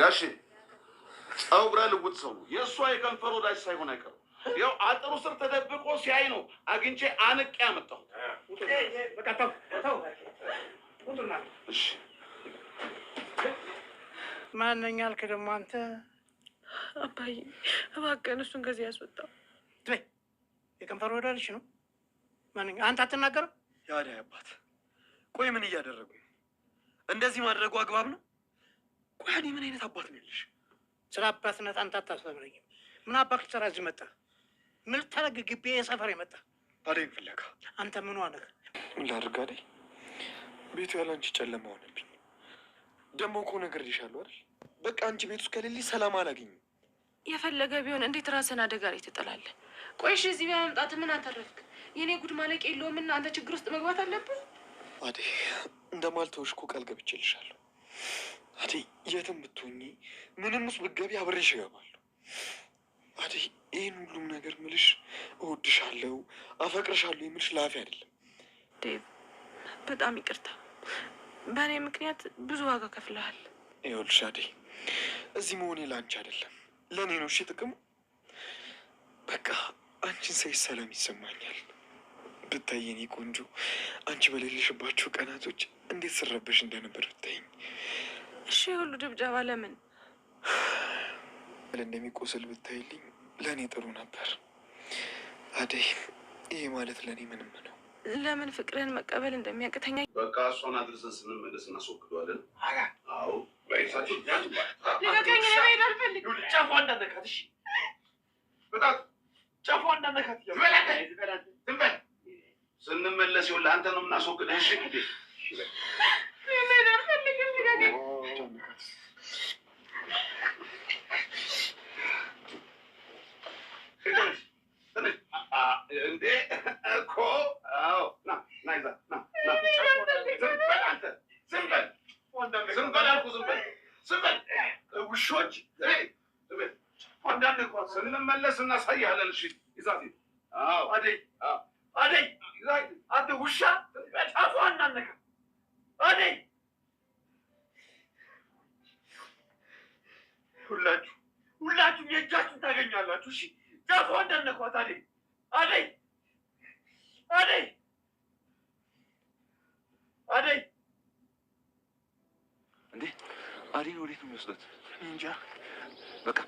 ጋሽ ፀጉረ ልውጥ ሰው የእሷ የከንፈር ወዳጅ ሳይሆን አይቀርም። ያው አጥሩ ስር ተደብቆ ሲያይ ነው አግኝቼ አንቄ ያመጣው ማነኛ አልክ ደግሞ አንተ? አባዬ እባክህን እሱን ከዚህ ያስወጣው። የከንፈር ወዳጅ ነው ማነኛ። አንተ አትናገርም? ያዳ አባት፣ ቆይ ምን እያደረጉ እንደዚህ ማድረጉ አግባብ ነው? ቋዲ ምን አይነት አባት ነው ያለሽ? ስለ አባትነት አንተ አታስተምረኝም። ምን አባት ልትሰራ እዚህ መጣ? ምን ልታደርግ ግቢ የሰፈር የመጣ አደይ ፍለጋ? አንተ ምን ነህ? ምን ላድርግ አደይ፣ ቤቱ ያለ አንቺ ጨለማ ሆነብኝ። ደግሞ እኮ ነገር ይሻሉ አይደል? በቃ አንቺ ቤት ውስጥ ከሌለሽ ሰላም አላገኝም። የፈለገ ቢሆን እንዴት ራስን አደጋ ላይ ትጥላለህ? ቆይሽ እዚህ በመምጣት ምን አተረፍክ? የኔ ጉድ ማለቅ የለውም እና አንተ ችግር ውስጥ መግባት አለብህ? አደይ እንደማልተውሽ እኮ ቃል ገብቼልሻለሁ። አደይ የትም ብትሆኚ ምንም ውስጥ ብትገቢ አብሬሽ እገባለሁ። አደይ ይህን ሁሉም ነገር ምልሽ እወድሻለሁ፣ አፈቅርሻለሁ የምልሽ ላፊ አይደለም። ዴቭ በጣም ይቅርታ፣ በእኔ ምክንያት ብዙ ዋጋ ከፍለሃል። ይኸውልሽ አደይ እዚህ መሆኔ ለአንቺ አይደለም ለእኔ ነው። እሺ ጥቅሙ በቃ አንቺን ሳይ ሰላም ይሰማኛል። ብታይ ቆንጆ፣ አንቺ በሌለሽባቸው ቀናቶች እንዴት ስረበሽ እንደነበር ብታይኝ እሺ ሁሉ ድብደባ ለምን እንደሚቆስል ብታይልኝ ለእኔ ጥሩ ነበር። አደይ ይህ ማለት ለእኔ ምንም ነው። ለምን ፍቅርን መቀበል እንደሚያቅተኛ በቃ እሷን አድርሰን ስንመለስ እናስወግደዋለን። አዎ ስንመለስ ይኸውልህ አንተ ነው የምናስወግደህ። ውሾች አንዳንድ እንኳን ስንመለስ እናሳያለን። እሺ ይዛት አደይ አደይ አንተ ውሻ አደይ ሁላችሁ ሁላችሁም የእጃችሁን ታገኛላችሁ። እሺ ጣቷ እንዳነኳት አደይ ጋሪን ወዴት ነው የሚወስዳት? እንጃ። በቃ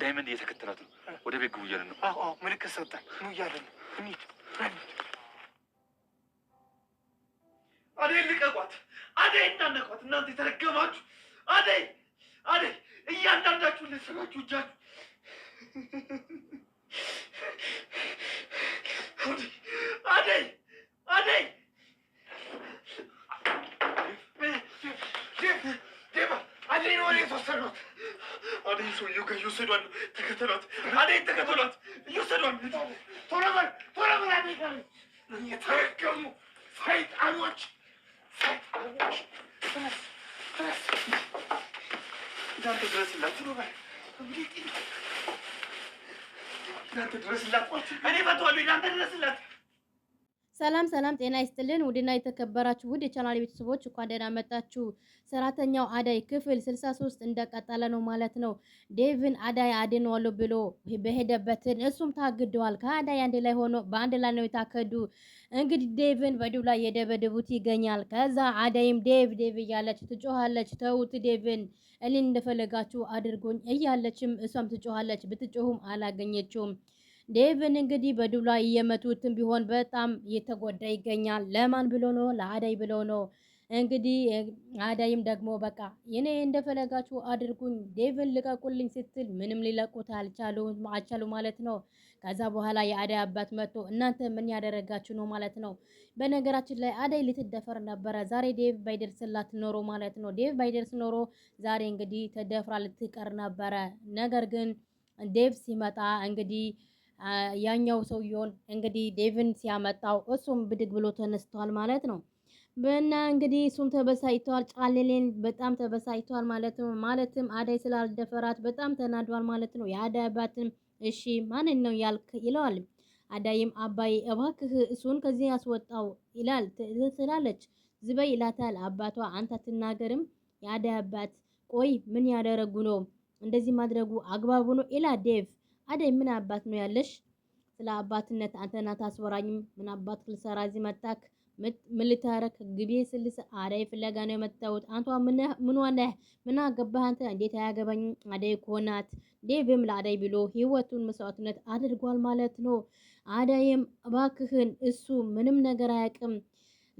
ዳይመንድ እየተከተላት ነው። ወደ ቤት ግቡ እያለን ነው። አዎ ምልክት ሰጠን። ኑ እያለን ነው። እንሂድ። አደይ ልቀቋት! አደይ እናነቋት! እናንተ የተረገማችሁ! አደይ አደይ! እያንዳንዳችሁ ልስራችሁ እጃችሁ ወደ ሰውዬው ጋር እየወሰዷት ተከተሏት፣ አደይ ተከተሏት፣ እየወሰዷት ቶሎ በል ቶሎ በል አደይ ጋር የተረገሙ ሰይጣኖች፣ ሰይጣኖች እናንተ ድረስላት፣ ቶሎ በል እናንተ ድረስላት። እኔ እፈታዋለሁ፣ እናንተ ድረስላት ሰላም ሰላም፣ ጤና ይስጥልን ውድና የተከበራችሁ ውድ የቻናል ቤተሰቦች እንኳን ደህና መጣችሁ። ሰራተኛው አዳይ ክፍል 63 እንደቀጠለ ነው ማለት ነው። ዴቭን አዳይ አድነዋለሁ ብሎ በሄደበትን እሱም ታግደዋል። ከአዳይ አንድ ላይ ሆኖ በአንድ ላይ ነው የታከዱ። እንግዲህ ዴቭን በዱላ ላይ ይገኛል። ከዛ አዳይም ዴቭ ዴቭ እያለች ትጮሃለች። ተውት ዴቭን እኔን እንደፈለጋችሁ አድርጎኝ እያለችም እሷም ትጮሃለች። ብትጮሁም አላገኘችውም። ዴቭን እንግዲህ በዱላ እየመቱትም ቢሆን በጣም እየተጎዳ ይገኛል። ለማን ብሎ ነው? ለአዳይ ብሎ ነው። እንግዲህ አዳይም ደግሞ በቃ እኔ እንደፈለጋችሁ አድርጉኝ፣ ዴቭን ልቀቁልኝ ስትል ምንም ሊለቁት አልቻሉ ማለት ነው። ከዛ በኋላ የአዳይ አባት መጥቶ እናንተ ምን ያደረጋችሁ ነው ማለት ነው። በነገራችን ላይ አዳይ ልትደፈር ነበረ ዛሬ ዴቭ ባይደርስላት ኖሮ ማለት ነው። ዴቭ ባይደርስ ኖሮ ዛሬ እንግዲህ ተደፍራ ልትቀር ነበረ። ነገር ግን ዴቭ ሲመጣ እንግዲህ ያኛው ሰውየውን እንግዲህ ዴቭን ሲያመጣው እሱም ብድግ ብሎ ተነስቷል ማለት ነው። እና እንግዲህ እሱም ተበሳጭቷል። ጫሌሌን በጣም ተበሳጭቷል ማለት ነው። ማለትም አዳይ ስላልደፈራት በጣም ተናዷል ማለት ነው። የአዳይ አባትም እሺ ማንን ነው ያልክ ይለዋል። አዳይም አባይ እባክህ እሱን ከዚህ ያስወጣው ይላል ትላለች። ዝበይ ይላታል አባቷ። አንተ አትናገርም የአዳይ አባት ቆይ ምን ያደረጉ ነው እንደዚህ ማድረጉ አግባቡ ነው ይላል ዴቭ አደይ ምን አባት ነው ያለሽ? ስለ አባትነት አንተና ታስወራኝም። ምን አባት ልሰራ እዚህ መጣክ? ምን ልታረክ? ስልስ አደይ ፍለጋ ነው የመጣሁት። አንቷ ምን ዋለ ምን አገባህ አንተ? እንዴት አያገባኝ አደይ ናት ዴቭም ለአደይ ብሎ ህይወቱን መስዋዕትነት አድርጓል ማለት ነው። አደይም እባክህን እሱ ምንም ነገር አያውቅም።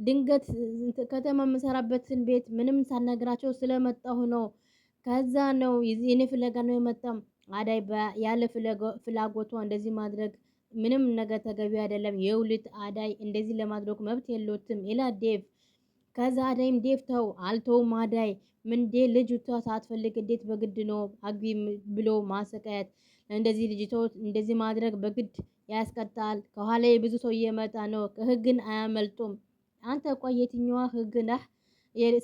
ድንገት ከተማ የምሰራበትን ቤት ምንም ሳናግራቸው ስለመጣሁ ነው። ከዛ ነው የኔ ፍለጋ ነው የመጣም አዳይ ያለ ፍላጎቷ እንደዚህ ማድረግ ምንም ነገር ተገቢ አይደለም። የውልት አዳይ እንደዚህ ለማድረግ መብት የለትም ይላ ዴቭ። ከዛ አዳይም ዴቭ ተው አልተውም አዳይ ምንዴ ልጅቷ ሳትፈልግ እንዴት በግድ ነው አግቢ ብሎ ማሰቃየት እንደዚህ ልጅቶ እንደዚህ ማድረግ በግድ ያስቀጣል። ከኋላ ብዙ ሰው እየመጣ ነው። ህግን አያመልጡም። አንተ ቆይ የትኛዋ ህግ ነህ?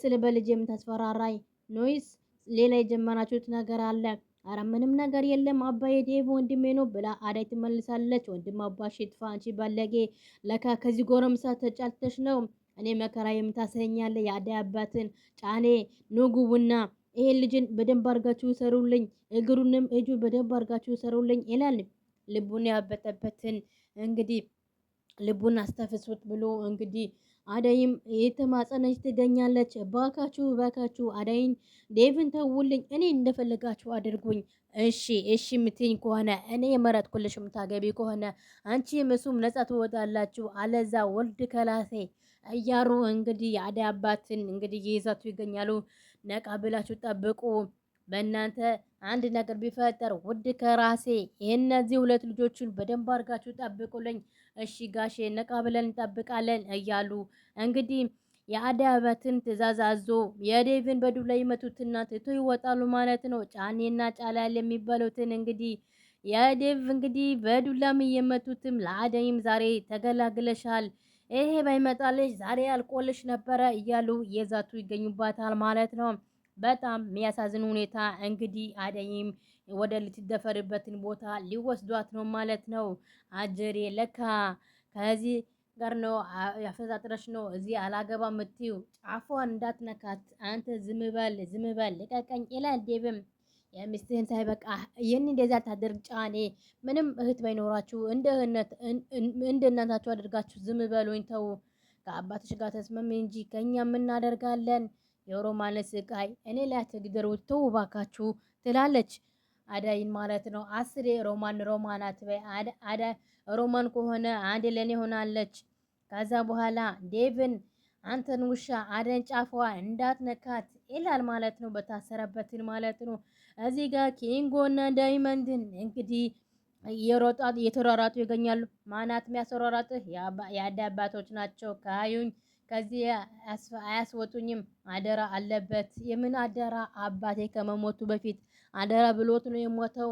ስለ በልጅ የምታስፈራራይ ኖይስ ሌላ የጀመራችሁት ነገር አለ? አረ ምንም ነገር የለም አባዬ ዴቭ ወንድሜ ነው ብላ አዳይ ትመልሳለች። ወንድም አባሽ ይጥፋ አንቺ ባለጌ፣ ለካ ከዚህ ጎረምሳ ተጫልተሽ ነው እኔ መከራ የምታሰኛለ የአዳይ አባትን ጫኔ ንጉቡና ይሄ ልጅን በደንብ አርጋችሁ ሰሩልኝ፣ እግሩንም እጁ በደንብ አርጋችሁ ሰሩልኝ ይላል። ልቡን ያበጠበትን እንግዲህ ልቡን አስተፍሱት ብሎ እንግዲህ አደይም የተማጸነች ትገኛለች። ባካችሁ ባካችሁ አደይን ዴቭን ተውልኝ፣ እኔ እንደፈለጋችሁ አድርጉኝ። እሺ እሺ የምትይኝ ከሆነ እኔ የመረጥኩልሽ የምታገቢ ከሆነ አንቺ ምሱም ነጻ ትወጣላችሁ፣ አለዛ ወልድ ከላሴ እያሩ እንግዲህ የአደይ አባትን እንግዲህ ይይዛችሁ ይገኛሉ። ነቃ ብላችሁ ጠብቁ። በእናንተ አንድ ነገር ቢፈጠር ውድ ከራሴ የእነዚህ ሁለት ልጆችን በደንብ አድርጋችሁ ጠብቁልኝ፣ እሺ ጋሼ ነቃ ብለን እንጠብቃለን እያሉ እንግዲህ የአደይ አባትን ትእዛዝ አዞ የዴቭን በዱላ ይመቱትና ትቶ ይወጣሉ ማለት ነው። ጫኔና ጫላል የሚባሉትን እንግዲህ የዴቭ እንግዲህ በዱላም እየመቱትም ለአደይም ዛሬ ተገላግለሻል፣ ይሄ ባይመጣልሽ ዛሬ አልቆልሽ ነበረ እያሉ እየዛቱ ይገኙባታል ማለት ነው። በጣም የሚያሳዝን ሁኔታ እንግዲህ አደይም ወደ ልትደፈርበትን ቦታ ሊወስዷት ነው ማለት ነው። አጀሬ ለካ ከዚህ ጋር ነው ያፈዛጥረሽ ነው እዚህ አላገባ ምትው ጫፏን እንዳትነካት አንተ ዝምበል ዝምበል ልቀቀኝ ይላል ዴብም የሚስትህን ሳይበቃ ይህን እንደዚያ ታደርግ ጫኔ ምንም እህት ባይኖራችሁ እንደ እናታችሁ አድርጋችሁ ዝም በሉኝ ተው ከአባትሽ ጋር ተስማሚ እንጂ ከእኛ የምናደርጋለን የኦሮማለ ስቃይ እኔ ላይ አትግደሩት ተው እባካችሁ ትላለች አዳይን ማለት ነው። አስሬ ሮማን ሮማን አትበይ አዳ ሮማን ከሆነ አንድ ለኔ ሆናለች። ከዛ በኋላ ዴቭን አንተን ውሻ አደን ጫፏ እንዳትነካት ይላል ማለት ነው። በታሰረበትን ማለት ነው። እዚህ ጋር ኪንጎና ዳይመንድን እንግዲህ የሮጣት እየተሯሯጡ ይገኛሉ። ማናት የሚያስሯሯጥህ? የአዳባቶች ናቸው ካዩኝ ከዚህ አያስወጡኝም። አደራ አለበት። የምን አደራ? አባቴ ከመሞቱ በፊት አደራ ብሎት ነው የሞተው።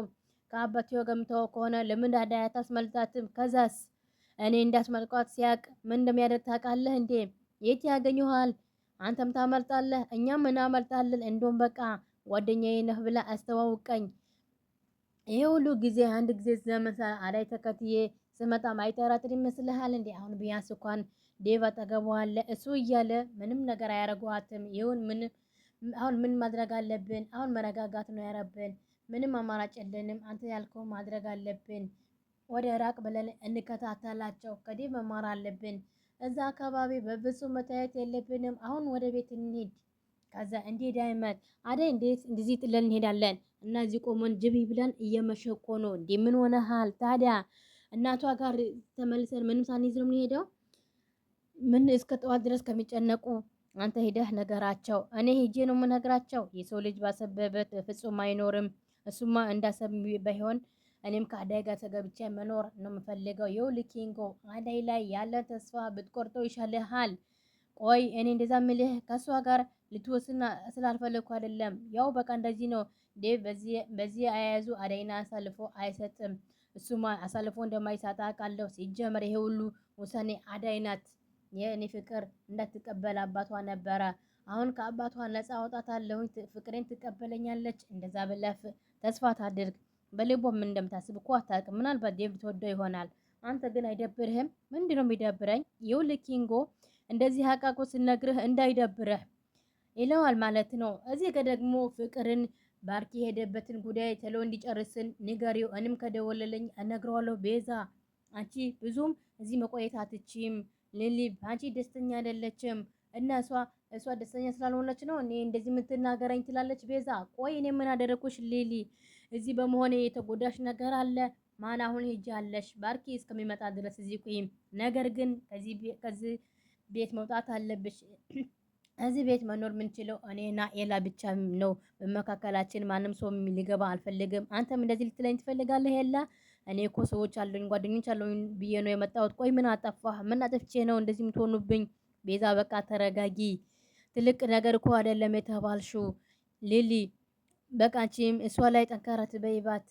ከአባቴ ገምተው ከሆነ ለምን አደራ አታስመልጣትም? ከዛስ እኔ እንዳስመልቋት ሲያቅ ምን እንደሚያደርግ ታውቃለህ እንዴ? የት ያገኘዋል? አንተም ታመልጣለህ፣ እኛም እናመልጣለን። እንደውም በቃ ጓደኛዬ ነህ ብላ አስተዋውቀኝ። ይሄ ሁሉ ጊዜ አንድ ጊዜ ዘመን አዳይ ተከትዬ ስመጣም አይጠራጥር ይመስልሃል እንዴ? አሁን ቢያንስ እንኳን ዴቭ አጠገቧ አለ። እሱ እያለ ምንም ነገር አያረጓትም። ይሁን ምን አሁን ምን ማድረግ አለብን? አሁን መረጋጋት ነው ያረብን። ምንም አማራጭ የለንም። አንተ ያልከው ማድረግ አለብን። ወደ ራቅ ብለን እንከታተላቸው። ከዴቭ መማር አለብን። እዛ አካባቢ በብፁም መታየት የለብንም። አሁን ወደ ቤት እንሂድ። ከዛ እንዴት ዳይመት አደይ እንዴት እንደዚህ ጥለን እንሄዳለን? እና እዚህ ቆመን ጅብ ብለን እየመሸ ነው እንዴ። ምን ሆነሃል ታዲያ? እናቷ ጋር ተመልሰን ምንም ሳንይዝ ነው የምንሄደው ምን እስከ ጠዋት ድረስ ከሚጨነቁ አንተ ሄደህ ነገራቸው። እኔ ሄጄ ነው የምነግራቸው። የሰው ልጅ ባሰበበት ፍጹም አይኖርም። እሱማ እንዳሰብ ባይሆን እኔም ከአዳይ ጋር ተገብቼ መኖር ነው የምፈልገው። ይኸውልህ ኪንጎ አዳይ ላይ ያለ ተስፋ ብትቆርጠው ይሻልሃል። ቆይ እኔ እንደዛ ምልህ ከእሷ ጋር ልትወስና ስላልፈለግኩ አይደለም። ያው በቃ እንደዚህ ነው ዴ በዚህ አያያዙ አዳይና አሳልፎ አይሰጥም። እሱማ አሳልፎ እንደማይሰጣ ቃለሁ። ሲጀመር ይሄ ሁሉ ውሳኔ አዳይ ናት። የእኔ ፍቅር እንዳትቀበል አባቷ ነበረ። አሁን ከአባቷ ነፃ አወጣታለሁ፣ ፍቅሬን ትቀበለኛለች። እንደዛ ብለህ ተስፋ ታድርግ። በልቦም እንደምታስብ እኮ አታውቅም። ምናልባት ዴቭ ተወደው ይሆናል። አንተ ግን አይደብርህም? ምንድን ነው የሚደብረኝ? ይኸውልህ ኪንጎ እንደዚህ አቃቆ ስነግርህ እንዳይደብርህ ይለዋል ማለት ነው። እዚህ ጋ ደግሞ ፍቅርን ባርኪ የሄደበትን ጉዳይ ቶሎ እንዲጨርስን ንገሪው። እንም ከደወለለኝ እነግረዋለሁ። ቤዛ አንቺ ብዙም እዚህ መቆየት አትችም። ሊሊ በአንቺ ደስተኛ አይደለችም እና እሷ እሷ ደስተኛ ስላልሆነች ነው እኔ እንደዚህ የምትናገረኝ ትላለች ቤዛ። ቆይ እኔ ምን አደረኩሽ ሊሊ? እዚህ በመሆኔ የተጎዳሽ ነገር አለ ማን አሁን ሂጂ አለሽ ባርኪ እስከሚመጣ ድረስ እዚህ ቆይ። ነገር ግን ከዚህ ቤት መውጣት አለብሽ። እዚህ ቤት መኖር የምንችለው እኔና ኤላ ብቻ ነው። በመካከላችን ማንም ሰው ሊገባ አልፈልግም። አንተም እንደዚህ ልትለኝ ትፈልጋለህ ኤላ? እኔ እኮ ሰዎች አሉኝ ጓደኞች አሉኝ ብዬ ነው የመጣሁት። ቆይ ምን አጠፋህ? ምን አጥፍቼ ነው እንደዚህ የምትሆኑብኝ? ቤዛ በቃ ተረጋጊ፣ ትልቅ ነገር እኮ አይደለም የተባልሽው። ሊሊ በቃ እሷ ላይ ጠንካራ ትበይባት።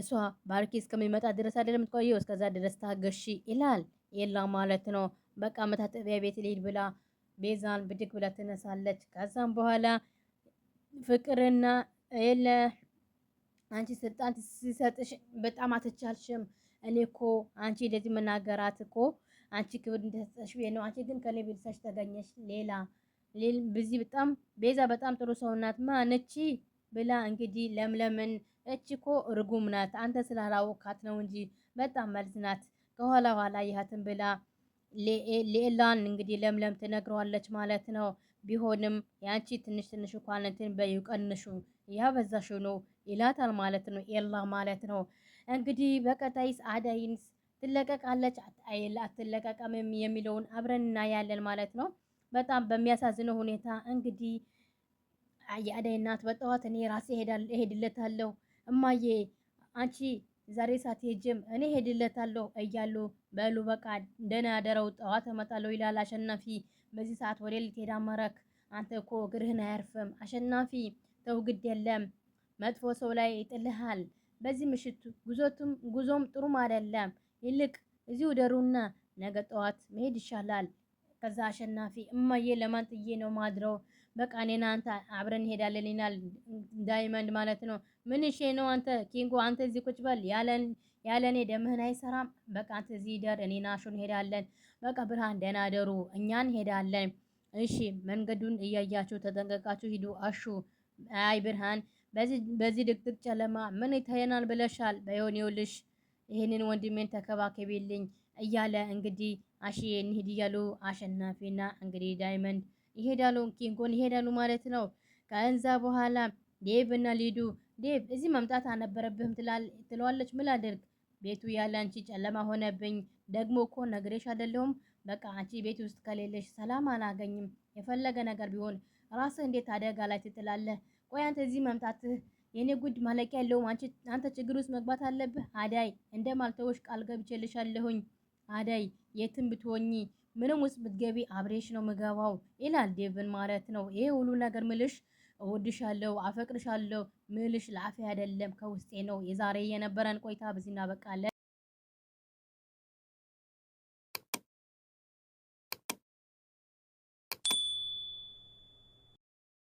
እሷ ባርኪ እስከሚመጣ ድረስ አይደለም የምትቆየው፣ እስከዛ ድረስ ታገሺ ይላል የላ ማለት ነው። በቃ መታጠቢያ ቤት ልሂድ ብላ ቤዛን ብድግ ብላ ትነሳለች። ከዛም በኋላ ፍቅርና የለ አንቺ ስልጣን ሲሰጥሽ በጣም አትቻልሽም። እኔ እኮ አንቺ እንደዚህ መናገራት እኮ አንቺ ክብር እንደሰጠሽ ነው። አንቺ ግን ከኔ ቤልሳሽ ተገኘሽ። ሌላ በዚህ በጣም ቤዛ በጣም ጥሩ ሰው ናት። ማነች ብላ እንግዲህ ለምለምን እቺ እኮ ርጉም ናት፣ አንተ ስላላወካት ነው እንጂ በጣም መልስ ናት። ከኋላ ኋላ ይሃትን ብላ ሌላን እንግዲህ ለምለም ትነግረዋለች ማለት ነው። ቢሆንም የአንቺ ትንሽ ትንሽ እንኳን እንትን በይው ነው ይላታል ማለት ነው። ኤላ ማለት ነው እንግዲህ በቀጣይስ አዳይንስ ትለቀቃለች አትለቀቀምም የሚለውን አብረን እናያለን ማለት ነው። በጣም በሚያሳዝነው ሁኔታ እንግዲህ የአዳይ እናት በጠዋት እኔ ራሴ እሄድለታለሁ እማዬ፣ አንቺ ዛሬ ሳትሄጂም እኔ እሄድለታለሁ እያሉ በሉ በቃ ደህና ያደረው ጠዋት እመጣለሁ ይላል አሸናፊ። በዚህ ሰዓት ወደ ልትሄድ አመረክ አንተ እኮ እግርህን አያርፍም አሸናፊ፣ ተው ግድ የለም መጥፎ ሰው ላይ ይጥልሃል። በዚህ ምሽት ጉዞቱም ጉዞም ጥሩም አይደለም። ይልቅ እዚሁ ደሩና ነገ ጠዋት መሄድ ይሻላል። ከዛ አሸናፊ እማዬ ለማን ጥዬ ነው ማድረው? በቃ እኔና አንተ አብረን እንሄዳለን ይላል ዳይመንድ ማለት ነው። ምን ነው አንተ ኪንጎ፣ አንተ እዚህ ቁጭ በል ያለን ያለኔ ደምህን አይሰራም። በቃ አንተ እዚህ ደር፣ እኔና አሹ እንሄዳለን። በቃ ብርሃን ደህና ደሩ፣ እኛ እንሄዳለን። እሺ መንገዱን እያያችሁ ተጠንቀቃችሁ ሂዱ። አሹ አይ ብርሃን በዚህ ድቅድቅ ጨለማ ምን ይታየናል ብለሻል? በይሆን ይኸውልሽ ይህንን ወንድሜን ተከባከቢልኝ እያለ እንግዲህ አሽዬ እንሂድ እያሉ አሸናፊና እንግዲህ ዳይመንድ ይሄዳሉ፣ ኪንጎን ይሄዳሉ ማለት ነው። ከእንዛ በኋላ ዴቭ እና ሊዱ ዴቭ እዚህ መምጣት አልነበረብህም ትለዋለች። ምን አድርግ ቤቱ ያለ አንቺ ጨለማ ሆነብኝ። ደግሞ እኮ ነግሬሽ አይደለሁም? በቃ አንቺ ቤት ውስጥ ከሌለሽ ሰላም አላገኝም። የፈለገ ነገር ቢሆን ራስህ እንዴት አደጋ ላይ ትጥላለህ? ቆይ አንተ እዚህ መምታትህ የኔ ጉድ ማለቂያ ያለው አንተ ችግር ውስጥ መግባት አለብህ አዳይ። እንደማልተውሽ ቃል ገብቼልሻለሁኝ አዳይ። የትም ብትሆኚ ምንም ውስጥ ብትገቢ አብሬሽ ነው ምገባው ይላል ዴቭን ማለት ነው። ይሄ ሁሉ ነገር ምልሽ እወድሻለሁ፣ አፈቅርሻለሁ ምልሽ ለአፌ አይደለም ከውስጤ ነው። የዛሬ የነበረን ቆይታ በዚህ እናበቃለን።